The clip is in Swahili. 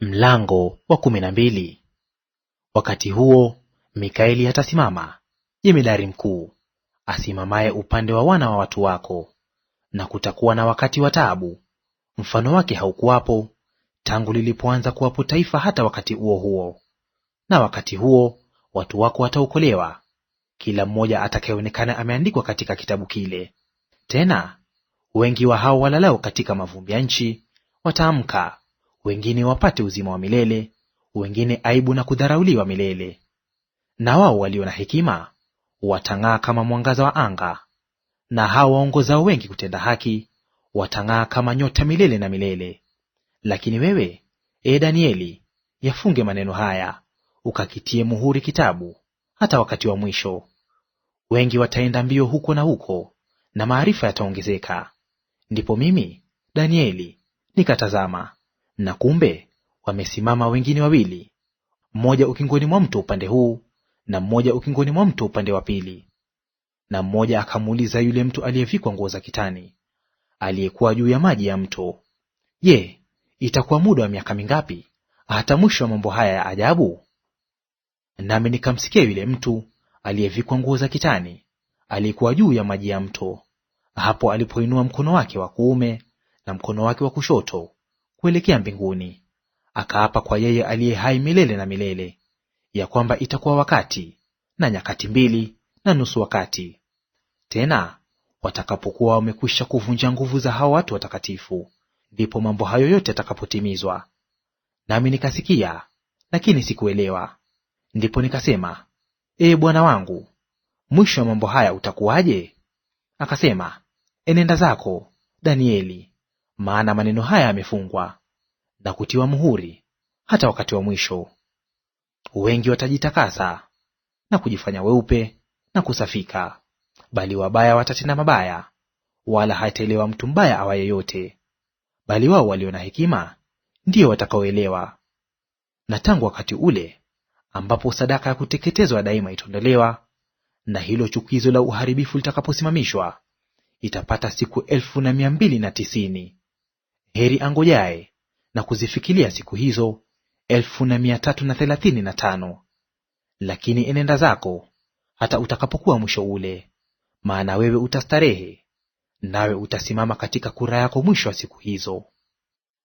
Mlango wa kumi na mbili. Wakati huo Mikaeli atasimama jemedari mkuu, asimamaye upande wa wana wa watu wako. Na kutakuwa na wakati wa taabu, mfano wake haukuwapo tangu lilipoanza kuwapo taifa hata wakati huo huo. Na wakati huo watu wako wataokolewa, kila mmoja atakayeonekana ameandikwa katika kitabu kile. Tena wengi wa hao walalao katika mavumbi ya nchi wataamka wengine wapate uzima wa milele, wengine aibu na kudharauliwa milele. Na wao walio na hekima watang'aa kama mwangaza wa anga, na hao waongozao wengi kutenda haki watang'aa kama nyota milele na milele. Lakini wewe, ee Danieli, yafunge maneno haya, ukakitie muhuri kitabu hata wakati wa mwisho. Wengi wataenda mbio huko na huko, na maarifa yataongezeka. Ndipo mimi Danieli nikatazama, na kumbe wamesimama wengine wawili, mmoja ukingoni mwa mto upande huu na mmoja ukingoni mwa mto upande wa pili. Na mmoja akamuuliza yule mtu aliyevikwa nguo za kitani aliyekuwa juu ya maji ya mto, Je, itakuwa muda wa miaka mingapi hata mwisho wa mambo haya ya ajabu? Nami nikamsikia yule mtu aliyevikwa nguo za kitani aliyekuwa juu ya maji ya mto, hapo alipoinua mkono wake wa kuume na mkono wake wa kushoto kuelekea mbinguni, akaapa kwa yeye aliye hai milele na milele, ya kwamba itakuwa wakati na nyakati mbili na nusu wakati; tena watakapokuwa wamekwisha kuvunja nguvu za hao watu watakatifu, ndipo mambo hayo yote yatakapotimizwa. Nami nikasikia, lakini sikuelewa; ndipo nikasema, Ee Bwana wangu, mwisho wa mambo haya utakuwaje? Akasema, enenda zako Danieli, maana maneno haya yamefungwa na kutiwa muhuri hata wakati wa mwisho. Wengi watajitakasa na kujifanya weupe na kusafika, bali wabaya watatenda mabaya, wala hataelewa mtu mbaya awa yote. Bali wao walio na hekima ndiyo watakaoelewa. Na tangu wakati ule ambapo sadaka ya kuteketezwa daima itaondolewa, na hilo chukizo la uharibifu litakaposimamishwa, itapata siku elfu na mia mbili na tisini. Heri angojaye na kuzifikilia siku hizo elfu na mia tatu na thelathini na tano. Lakini enenda zako hata utakapokuwa mwisho ule, maana wewe utastarehe, nawe utasimama katika kura yako mwisho wa siku hizo.